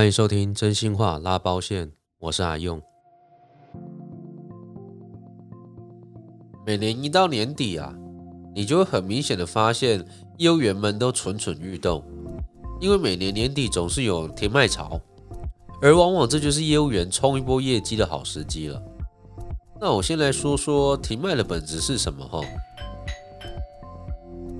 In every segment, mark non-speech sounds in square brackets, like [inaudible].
歡迎收聽真心話拉包線，我是阿用。每年一到年底啊，你就會很明顯的發現業務員們都蠢蠢欲動，因為每年年底總是有停賣潮，而往往這就是業務員衝一波業績的好時機了。那我先來說說停賣的本質是什麼哈？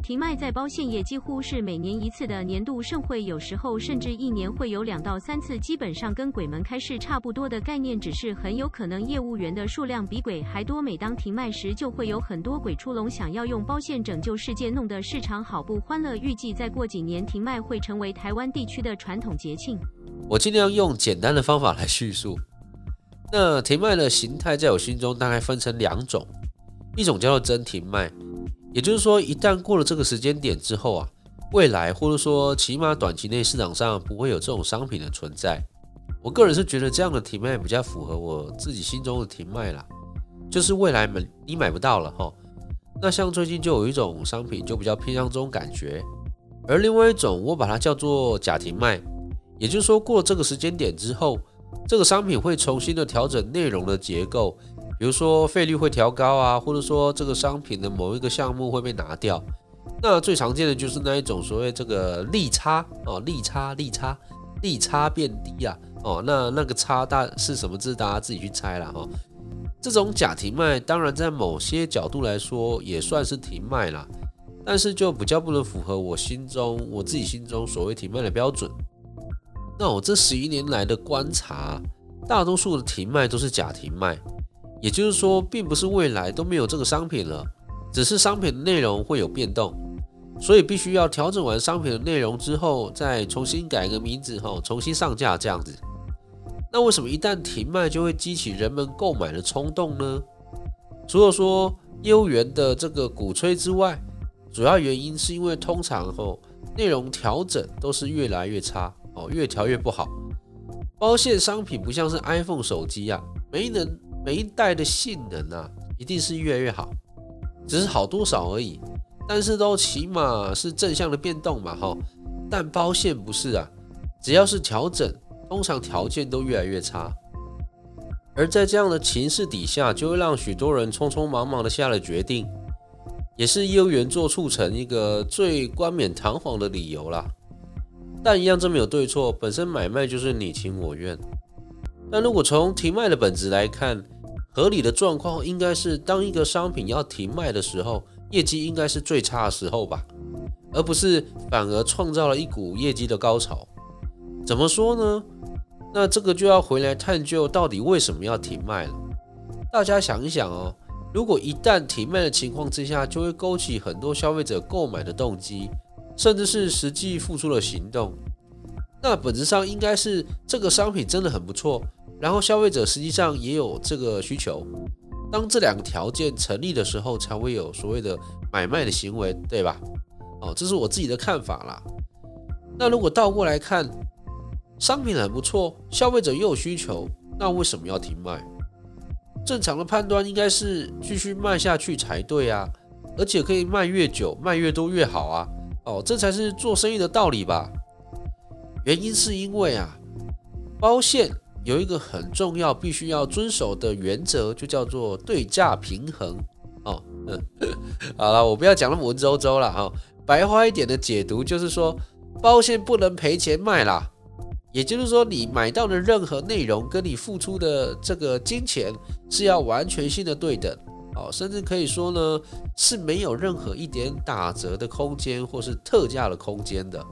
停賣在包餡業，幾乎是每年一次的年度盛會，有時候甚至一年會有兩到三次，基本上跟鬼門開是差不多的概念，只是很有可能業務員的數量比鬼還多。每當停賣時，就會有很多鬼出籠，想要用包餡拯救世界，弄得市場好不歡樂。預計再過幾年，停賣會成為台灣地區的傳統節慶。我儘量用簡單的方法來敘述。那停賣的形態，在我心中大概分成兩種，一種叫做真停賣。也就是說，一旦過了這個時間點之後啊，未來或者說起碼短期內市場上不會有這種商品的存在。我個人是覺得這樣的停賣比較符合我自己心中的停賣啦，就是未來買你買不到了哈。那像最近就有一種商品就比較偏向這種感覺，而另外一種我把它叫做假停賣，也就是說過了這個時間點之後，這個商品會重新的調整內容的結構。比如說費率會調高啊，或者說這個商品的某一個項目會被拿掉，那最常見的就是那一種所謂這個利差哦，利差利差利差變低啊，哦，那那個差大是什麼字，大家自己去猜啦。哦，這種假停賣，當然在某些角度來說也算是停賣啦，但是就比較不能符合我心中我自己心中所謂停賣的標準。那我這十一年來的觀察，大多數的停賣都是假停賣。也就是說，並不是未來都沒有這個商品了，只是商品的內容會有變動，所以必須要調整完商品的內容之後，再重新改個名字後重新上架這樣子。那為什麼一旦停賣就會激起人們購買的衝動呢？除了說業務員的這個鼓吹之外，主要原因是因為通常後內容調整都是越來越差哦，越調越不好。包餡商品不像是 iPhone 手機呀，沒能。每一代的性能啊，一定是越來越好，只是好多少而已。但是都起碼是正向的變動嘛，哈。但包餡不是啊，只要是調整，通常條件都越來越差。而在這樣的情勢底下，就會讓許多人匆匆忙忙的下了決定，也是業務員做促成一個最冠冕堂皇的理由啦。但一樣這沒有對錯，本身買賣就是你情我願。但如果從停賣的本質來看，合理的狀況應該是，當一個商品要停賣的時候，業績應該是最差的時候吧，而不是反而創造了一股業績的高潮。怎麼說呢？那這個就要回來探究到底為什麼要停賣了。大家想一想哦，如果一旦停賣的情況之下，就會勾起很多消費者購買的動機，甚至是實際付出了行動。那本質上應該是這個商品真的很不錯。然後消費者實際上也有這個需求，當這兩個條件成立的時候，才會有所謂的買賣的行為，對吧？哦，這是我自己的看法啦。那如果倒過來看，商品很不錯，消費者又有需求，那為什麼要停賣？正常的判斷應該是繼續賣下去才對啊，而且可以賣越久，賣越多越好啊。哦，這才是做生意的道理吧？原因是因為啊，包餡，有一個很重要、必須要遵守的原則，就叫做對價平衡哦。嗯，好了，我不要講那麼文縐縐了哈。白話一點的解讀就是說，包餡不能賠錢賣啦。也就是說，你買到的任何內容跟你付出的這個金錢是要完全性的對等哦，甚至可以說呢，是沒有任何一點打折的空間或是特價的空間的。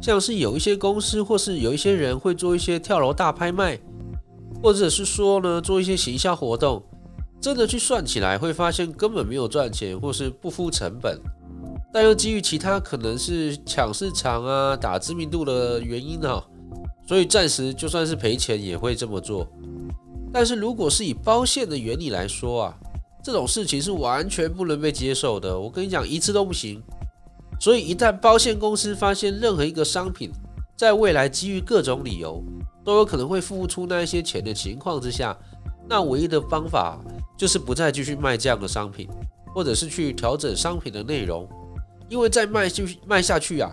像是有一些公司，或是有一些人會做一些跳樓大拍賣，或者是說呢，做一些行銷活動，真的去算起來，會發現根本沒有賺錢，或是不敷成本，但又基於其他可能是搶市場啊、打知名度的原因哈，所以暫時就算是賠錢也會這麼做。但是如果是以包餡的原理來說啊，這種事情是完全不能被接受的。我跟你講，一次都不行。所以，一旦包餡公司發現任何一個商品，在未來基於各種理由，都有可能會付不出那一些錢的情況之下，那唯一的方法就是不再繼續賣這樣的商品，或者是去調整商品的內容，因為再賣繼續賣下去啊，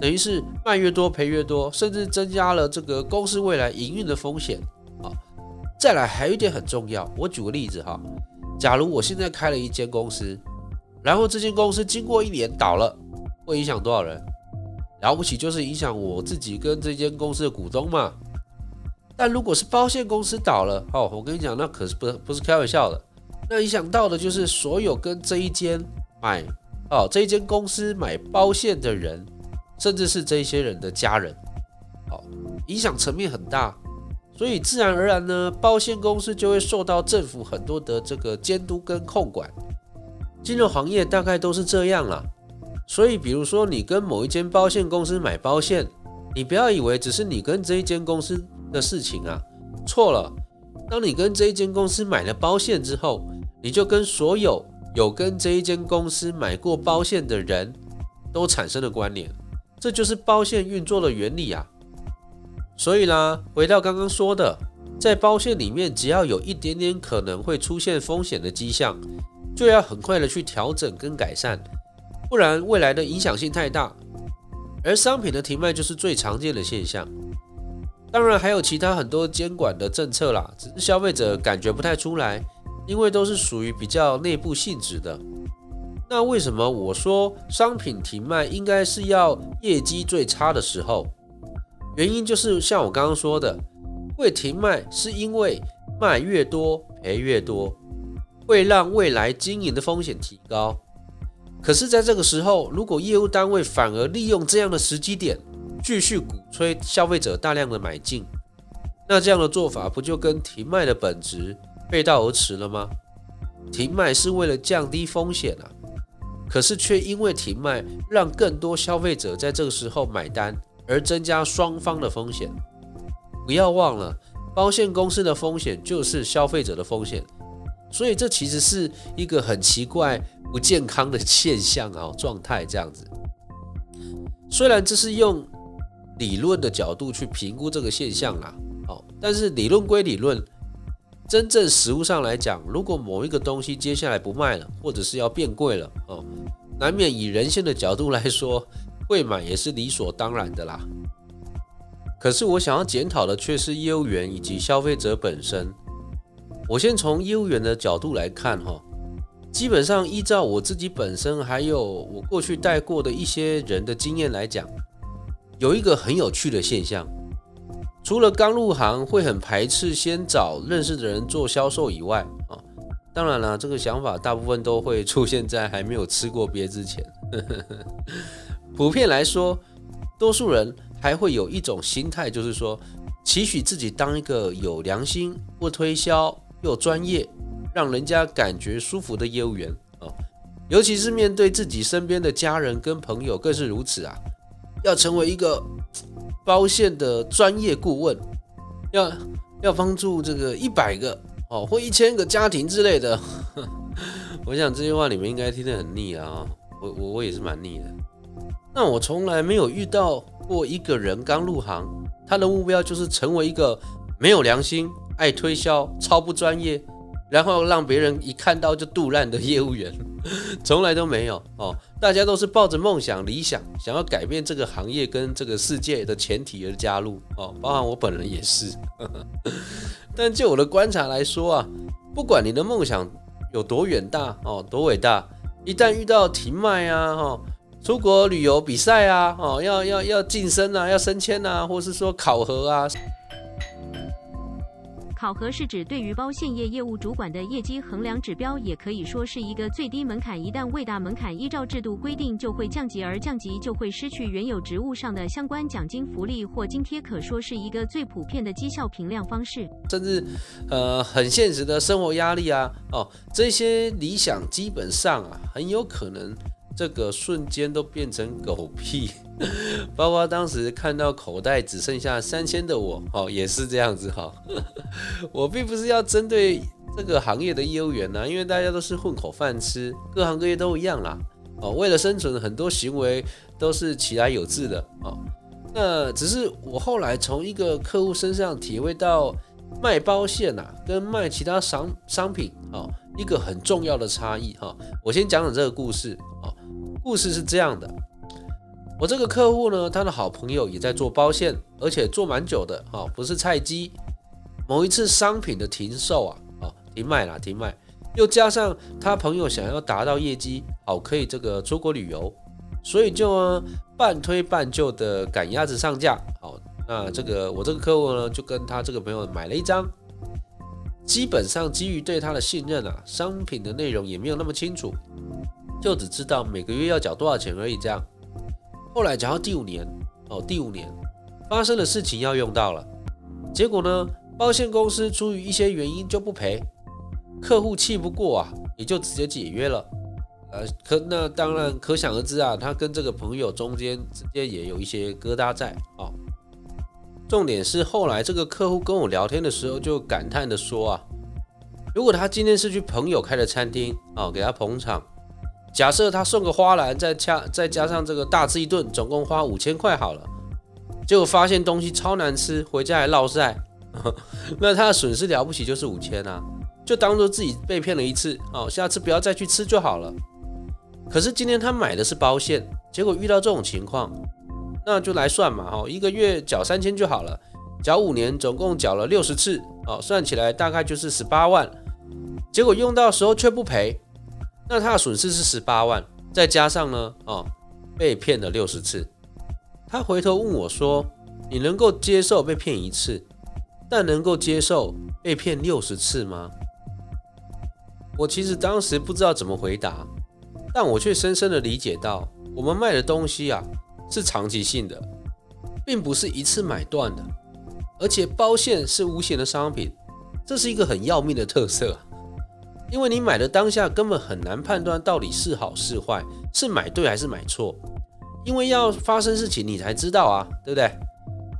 等於是賣越多賠越多，甚至增加了這個公司未來營運的風險啊。再來還有一點很重要，我舉個例子哈，假如我現在開了一間公司，然後這間公司經過一年倒了。會影響多少人？了不起就是影響我自己跟這間公司的股東嘛。但如果是包餡公司倒了，好，我跟你講，那可是不不是開玩笑的。那影響到的就是所有跟這一間買，哦，這一間公司買包餡的人，甚至是這些人的家人，好，影響層面很大。所以自然而然呢，包餡公司就會受到政府很多的這個監督跟控管。金融行業大概都是這樣啦。所以，比如說你跟某一間包餡公司買包餡，你不要以為只是你跟這一間公司的事情啊，錯了。當你跟這一間公司買了包餡之後，你就跟所有有跟這一間公司買過包餡的人都產生了關聯，這就是包餡運作的原理啊。所以啦，回到剛剛說的，在包餡裡面，只要有一點點可能會出現風險的跡象，就要很快的去調整跟改善。不然，未來的影響性太大，而商品的停賣就是最常見的現象。當然，還有其他很多監管的政策啦，只是消費者感覺不太出來，因為都是屬於比較內部性質的。那為什麼我說商品停賣應該是要業績最差的時候？原因就是像我剛剛說的，會停賣是因為賣越多賠越多，會讓未來經營的風險提高。可是，在這個時候，如果業務單位反而利用這樣的時機點，繼續鼓吹消費者大量的買進，那這樣的做法不就跟停賣的本質背道而馳了嗎？停賣是為了降低風險啊，可是卻因為停賣，讓更多消費者在這個時候買單，而增加雙方的風險。不要忘了，保險公司的風險就是消費者的風險。所以這其實是一個很奇怪、不健康的現象啊，哦，狀態這樣子。雖然這是用理論的角度去評估這個現象啦，啊，哦，但是理論歸理論，真正實物上來講，如果某一個東西接下來不賣了，或者是要變貴了哦，難免以人性的角度來說，會買也是理所當然的啦。可是我想要檢討的卻是業務員以及消費者本身。我先從業務員的角度來看哈，基本上依照我自己本身還有我過去帶過的一些人的經驗來講，有一個很有趣的現象，除了剛入行會很排斥先找認識的人做銷售以外啊，當然了，這個想法大部分都會出現在還沒有吃過鱉之前。 [laughs] 普遍來說，多數人還會有一種心態，就是說期許自己當一個有良心不推銷。又專業，讓人家感覺舒服的業務員。哦，尤其是面對自己身邊的家人跟朋友更是如此啊。要成為一個包餡的專業顧問，要要幫助這個一百個哦或一千個家庭之類的，我想這些話你們應該聽得很膩啊。我我我也是蠻膩的。那我從來沒有遇到過一個人剛入行，他的目標就是成為一個沒有良心，愛推銷超不專業，然後讓別人一看到就肚爛的業務員， [laughs] 從來都沒有哦。大家都是抱着夢想、理想，想要改變這個行業跟這個世界的前提而加入哦。包含我本人也是。 [laughs] 但就我的觀察來說啊，不管你的夢想有多遠大哦，多偉大，一旦遇到停賣啊、哈、哦，出國旅遊、比賽啊、哦，要要要晉升啊，要升遷啊，或是說考核啊。考核是指對於包餡業業務主管的業績衡量指標，也可以說是一個最低門檻。一旦未達門檻，依照制度規定就會降級，而降級就會失去原有職務上的相關獎金、福利或津貼。可說是一個最普遍的績效評量方式，甚至，呃，很現實的生活壓力啊，哦，這些理想基本上啊，很有可能。這個瞬間都變成狗屁，包括當時看到口袋只剩下三千的我，哦，也是這樣子哈。我並不是要針對這個行業的業務員吶，因為大家都是混口飯吃，各行各業都一樣啦。哦，為了生存，很多行為都是其來有自的哦，那只是我後來從一個客戶身上體會到，賣包餡吶、啊，跟賣其他商商品哦，一個很重要的差異哈。我先講講這個故事。故事是這樣的，我這個客戶呢，他的好朋友也在做包餡，而且做蠻久的哈、哦，不是菜雞。某一次商品的停售啊、哦，停賣了，停賣，又加上他朋友想要達到業績，好、哦、可以這個出國旅遊，所以就、啊、半推半就的趕鴨子上架。好、哦，那這個我這個客戶呢，就跟他這個朋友買了一張，基本上基於對他的信任啊，商品的內容也沒有那麼清楚。就只知道每個月要繳多少錢而已，這樣。後來講到第五年哦，第五年發生的事情要用到了，結果呢，保險公司出於一些原因就不賠，客戶氣不過啊，也就直接解約了。呃，可那當然可想而知啊，他跟這個朋友中間直接也有一些疙瘩在啊、哦。重點是後來這個客戶跟我聊天的時候就感嘆的說啊，如果他今天是去朋友開的餐廳啊、哦，給他捧場。假設他送個花籃，再加再加上這個大吃一頓，總共花五千塊好了。結果發現東西超難吃，回家還落賽。 [laughs] 那他的損失了不起就是五千啊，就當做自己被騙了一次哦，下次不要再去吃就好了。可是今天他買的是包餡，結果遇到這種情況，那就來算嘛哈，一個月繳三千就好了，繳五年總共繳了六十次哦，算起來大概就是十八萬。結果用到時候卻不賠。那他的損失是十八萬，再加上呢，哦，被騙了六十次。他回頭問我說：“你能夠接受被騙一次，但能夠接受被騙六十次嗎？”我其實當時不知道怎麼回答，但我卻深深的理解到，我們賣的東西啊，是長期性的，并不是一次買斷的，而且包餡是無形的商品，這是一個很要命的特色。因為你買的當下根本很難判斷到底是好是壞，是買對還是買錯，因為要發生事情你才知道啊，對不對？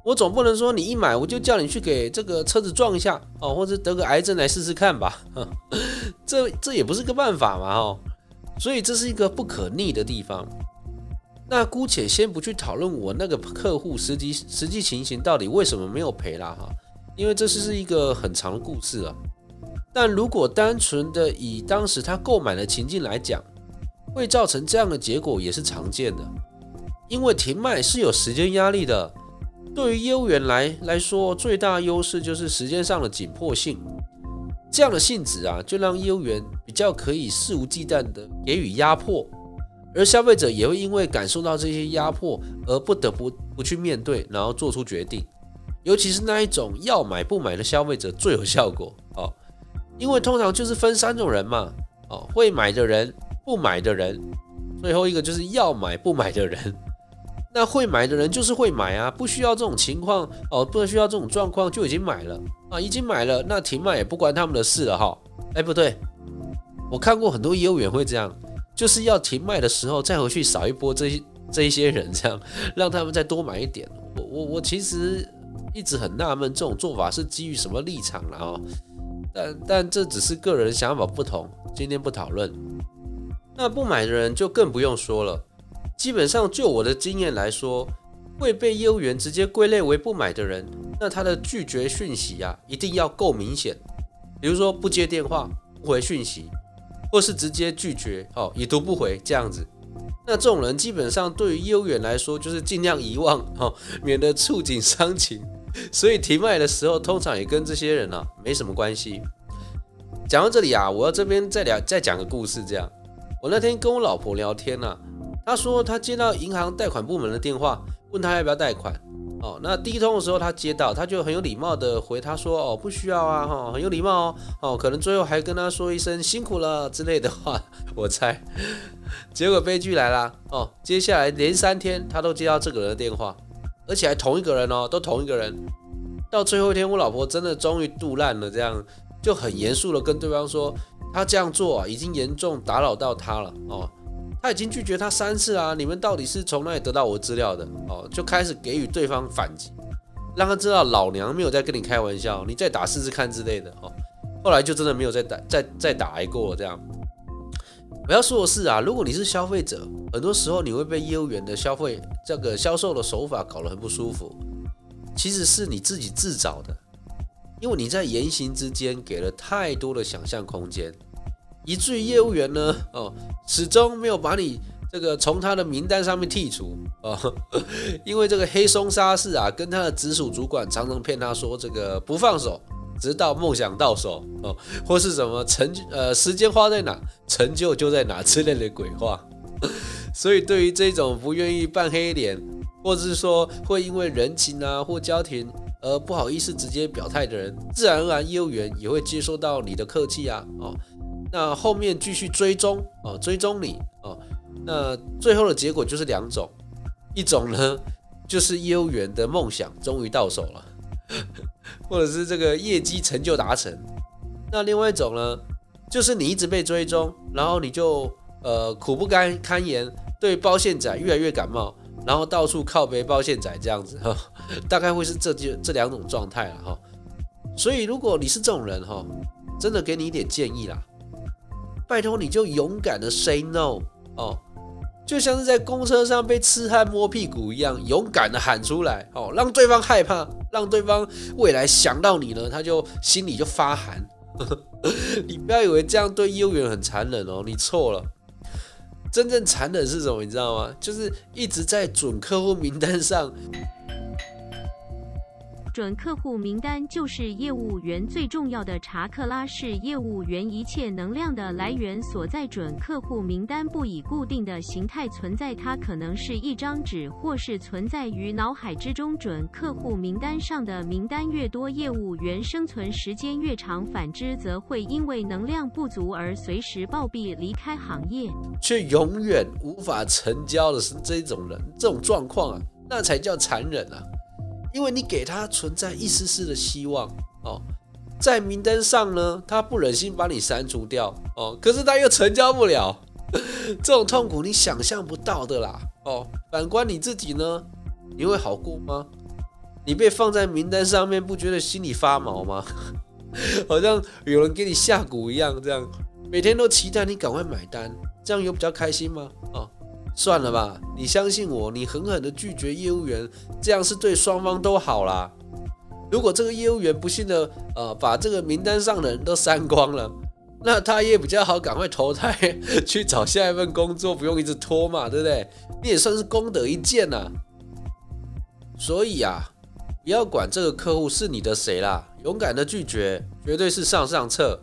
我總不能說你一買我就叫你去給這個車子撞一下哦，或者得個癌症來試試看吧，這這也不是個辦法嘛哈哦。所以這是一個不可逆的地方。那姑且先不去討論我那個客戶實際實際情形到底為什麼沒有賠啦。哈，因為這是是一個很長的故事啊。但如果單純的以當時他購買的情境來講，會造成這樣的結果也是常見的。因為停賣是有時間壓力的，對於業務員來來說，最大的優勢就是時間上的緊迫性。這樣的性質啊，就讓業務員比較可以肆無忌憚的給予壓迫，而消費者也會因為感受到這些壓迫而不得不不去面對，然後做出決定。尤其是那一種要買不買的消費者最有效果。好。因為通常就是分三種人嘛，哦，會買的人，不買的人，最後一個就是要買不買的人。那會買的人就是會買啊，不需要這種情況哦，不需要這種狀況就已經買了啊，哦，已經買了，那停賣也不關他們的事了哈。哎，不對，我看過很多業務員會這樣，就是要停賣的時候再回去掃一波這些這一些人，這樣讓他們再多買一點。我我我其實一直很納悶，這種做法是基於什麼立場了哦。但但這只是個人想法不同，今天不討論。那不買的人就更不用說了。基本上就我的經驗來說，會被業務員直接歸類為不買的人，那他的拒絕訊息呀、啊，一定要夠明顯。比如說不接電話、不回訊息，或是直接拒絕，哦，已讀不回這樣子。那這種人基本上對於業務員來說，就是盡量遺忘，免得觸景傷情。所以停賣的時候，通常也跟這些人呢、啊、沒什麼關係。講到這裡啊，我要這邊再聊，再講個故事。這樣，我那天跟我老婆聊天呢、啊，她說她接到銀行貸款部門的電話，問她要不要貸款。哦，那第一通的時候她接到，她就很有禮貌的回他說，哦，不需要啊，哈、哦，很有禮貌哦。哦，可能最後還跟他說一聲辛苦了之類的話，我猜。結果悲劇來了，哦，接下來連三天她都接到這個人的電話。而且還同一個人哦，都同一個人。到最後一天，我老婆真的終於度爛了，這樣就很嚴肅的跟對方說，他這樣做啊，已經嚴重打擾到他了哦。他已經拒絕他三次啊，你們到底是從哪裡得到我資料的哦？就開始給予對方反擊，讓他知道老娘沒有在跟你開玩笑，你再打試試看之類的哦。後來就真的沒有再打，再再打過這樣。我要說的是啊，如果你是消費者，很多時候你會被業務員的消費這個銷售的手法搞得很不舒服。其實是你自己自找的，因為你在言行之間給了太多的想象空間，以至於業務員呢，哦，始終沒有把你這個從他的名單上面剔除。哦，因為這個黑松沙士啊，跟他的直屬主管常常騙他說這個不放手。直到夢想到手哦，或是什麼成呃時間花在哪成就就在哪之類的鬼話。所以對於這種不願意扮黑臉，或者是說會因為人情啊或家庭而不好意思直接表態的人，自然而然業務員也會接收到你的客氣啊哦，那後面繼續追蹤哦，追蹤你哦，那最後的結果就是兩種，一種呢就是業務員的夢想終於到手了。或者是這個業績成就達成，那另外一種呢，就是你一直被追蹤，然後你就呃苦不堪言，對包餡仔越來越感冒，然後到處靠背包餡仔這樣子，大概會是這就這兩種狀態了哈、哦。所以如果你是這種人哈、哦，真的給你一點建議啦，拜託你就勇敢的 say no 哦。就像是在公車上被痴漢摸屁股一樣，勇敢地喊出來，哦，讓對方害怕，讓對方未來想到你呢，他就心裡就發寒。 [laughs] 你不要以為這樣對業務員很殘忍哦，你錯了。真正殘忍是什麼，你知道嗎？就是一直在準客戶名單上。準客戶名單就是業務員最重要的查克拉，是業務員一切能量的來源所在。準客戶名單不以固定的形態存在，它可能是一張紙，或是存在於腦海之中。準客戶名單上的名單越多，業務員生存時間越長；反之，則會因為能量不足而隨時暴斃。離開行業，卻永遠無法成交的是這種人，這種狀況啊，那才叫殘忍啊！因為你給他存在一絲絲的希望哦，在名單上呢，他不忍心把你刪除掉哦，可是他又成交不了呵呵，這種痛苦你想象不到的啦哦。反觀你自己呢，你會好過嗎？你被放在名單上面，不覺得心裡發毛嗎？好像有人給你下蠱一樣，這樣每天都期待你趕快買單，這樣有比較開心嗎？哦。算了吧，你相信我，你狠狠的拒絕業務員，這樣是對雙方都好啦。如果這個業務員不幸的，呃，把這個名單上的人都刪光了，那他也比較好，趕快投胎去找下一份工作，不用一直拖嘛，對不對？你也算是功德一件吶、啊。所以啊，不要管這個客戶是你的誰啦，勇敢的拒絕絕對是上上策。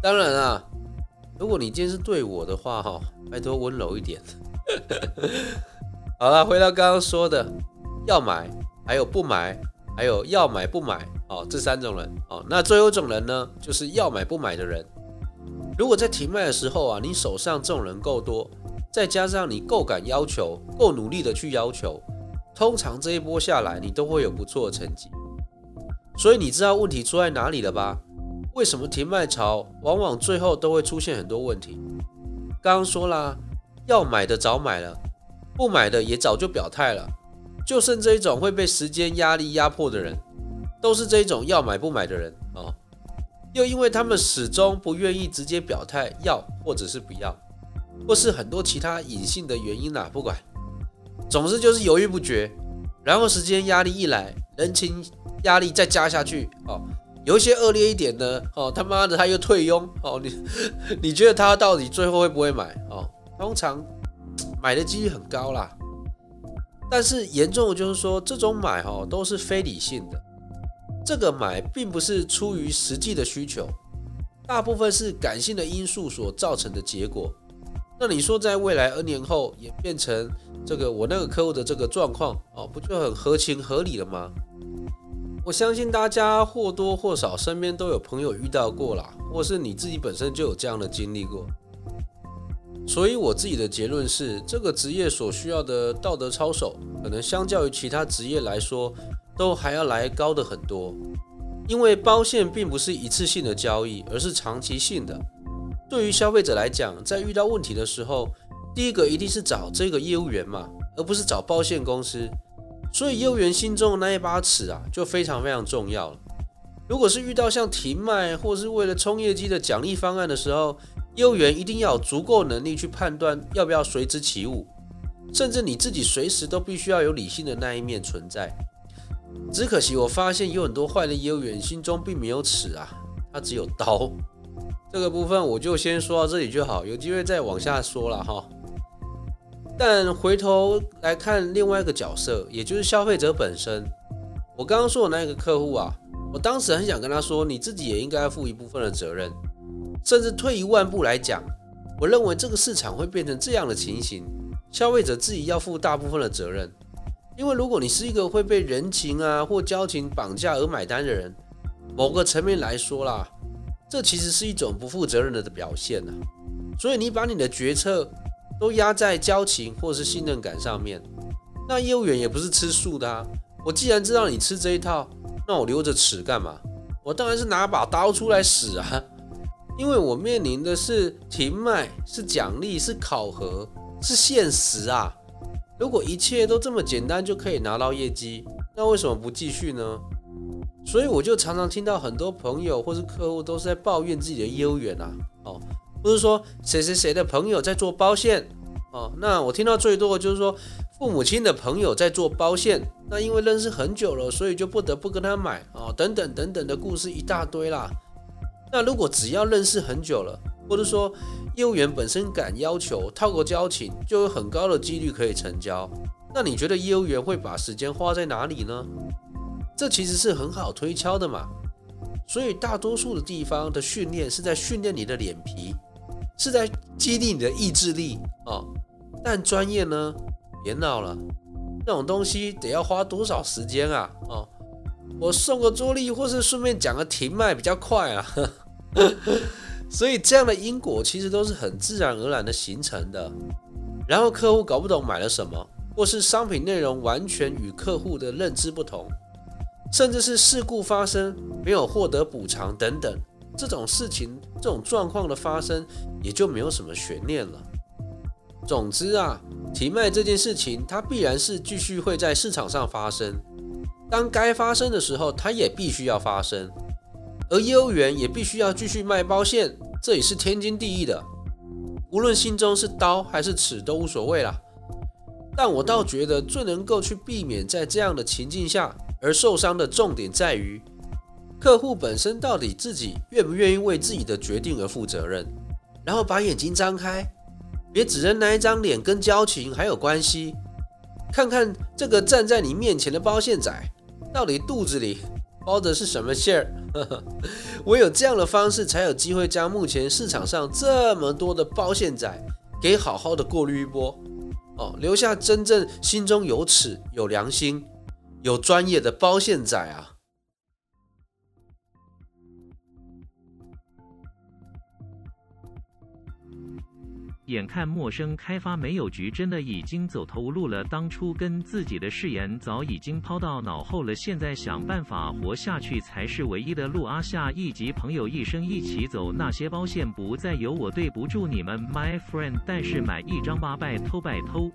當然啊，如果你今天是對我的話哈，拜托溫柔一點。 [laughs] 好了，回到剛剛說的，要買，還有不買，還有要買不買哦，這三種人哦。那最後一種人呢，就是要買不買的人。如果在停賣的時候啊，你手上這種人夠多，再加上你夠敢要求，夠努力的去要求，通常這一波下來，你都會有不錯的成績。所以你知道問題出在哪裡了吧？為什麼停賣潮往往最後都會出現很多問題？剛剛說啦。要買的早買了，不買的也早就表態了，就剩這一種會被時間壓力壓迫的人，都是這一種要買不買的人哦。又因為他們始終不願意直接表態要或者是不要，或是很多其他隱性的原因啦、啊。不管，總之就是猶豫不決。然後時間壓力一來，人情壓力再加下去哦，有一些惡劣一點的哦，他媽的他又退佣哦，你你覺得他到底最後會不會買哦？通常買的幾率很高啦，但是嚴重的就是說，這種買哦都是非理性的，這個買並不是出於實際的需求，大部分是感性的因素所造成的結果。那你說在未來 N 年後演變成這個我那個客戶的這個狀況哦，不就很合情合理了嗎？我相信大家或多或少身邊都有朋友遇到過啦，或是你自己本身就有這樣的經歷過。所以我自己的結論是，這個職業所需要的道德操守，可能相較於其他職業來說，都還要來高的很多。因為包餡並不是一次性的交易，而是長期性的。對於消費者來講，在遇到問題的時候，第一個一定是找這個業務員嘛，而不是找包餡公司。所以業務員心中的那一把尺啊，就非常非常重要了。如果是遇到像停賣，或是為了衝業績的獎勵方案的時候，業務員一定要有足夠能力去判斷要不要隨之起舞，甚至你自己隨時都必須要有理性的那一面存在。只可惜我發現有很多壞的業務員心中並沒有尺啊，他只有刀。這個部分我就先說到這裡就好，有機會再往下說了哈。但回頭來看另外一個角色，也就是消費者本身，我剛剛說的那個客戶啊，我當時很想跟他說，你自己也應該負一部分的責任。甚至退一萬步來講，我認為這個市場會變成這樣的情形，消費者自己要負大部分的責任。因為如果你是一個會被人情啊或交情綁架而買單的人，某個層面來說啦，這其實是一種不負責任的表現吶、啊。所以你把你的決策都壓在交情或是信任感上面，那業務員也不是吃素的啊。我既然知道你吃這一套，那我留着尺幹嘛？我當然是拿把刀出來使啊。因為我面臨的是停賣，是獎勵，是考核，是現實啊！如果一切都這麼簡單就可以拿到業績，那為什麼不繼續呢？所以我就常常聽到很多朋友或是客戶都是在抱怨自己的業務員啊，哦，不是說誰誰誰的朋友在做包餡，哦，那我聽到最多的就是說父母親的朋友在做包餡，那因為認識很久了，所以就不得不跟他買哦，等等等等的故事一大堆啦。那如果只要認識很久了，或者說業務員本身敢要求套個交情，就有很高的幾率可以成交。那你覺得業務員會把時間花在哪裡呢？這其實是很好推敲的嘛。所以大多數的地方的訓練是在訓練你的臉皮，是在激勵你的意志力啊，哦。但專業呢？別鬧了，這種東西得要花多少時間啊？哦，我送個助力，或是順便講個停賣比較快啊。 [laughs] 所以，這樣的因果其實都是很自然而然的形成的。然後客戶搞不懂買了什麼，或是商品內容完全與客戶的認知不同，甚至是事故發生沒有獲得補償等等，這種事情、這種狀況的發生也就沒有什麼懸念了。總之啊，停賣這件事情，它必然是繼續會在市場上發生。當該發生的時候，它也必須要發生。而業務員也必須要繼續賣包餡，這也是天經地義的。無論心中是刀還是尺都無所謂了。但我倒覺得最能夠去避免在這樣的情境下而受傷的重點在於，客戶本身到底自己願不願意為自己的決定而負責任，然後把眼睛張開，別只認那一張臉跟交情還有關係，看看這個站在你面前的包餡仔到底肚子裡。包的是什麼餡兒？呵呵，唯有這樣的方式，才有機會將目前市場上這麼多的包餡仔給好好的過濾一波哦，留下真正心中有尺、有良心、有專業的包餡仔啊。眼看陌生開發沒有局，真的已經走投無路了。當初跟自己的誓言早已經拋到腦後了，現在想辦法活下去才是唯一的路。阿夏，一集朋友一生一起走，那些包餡不再有，我對不住你們，my friend。但是買一張吧，拜託，拜託。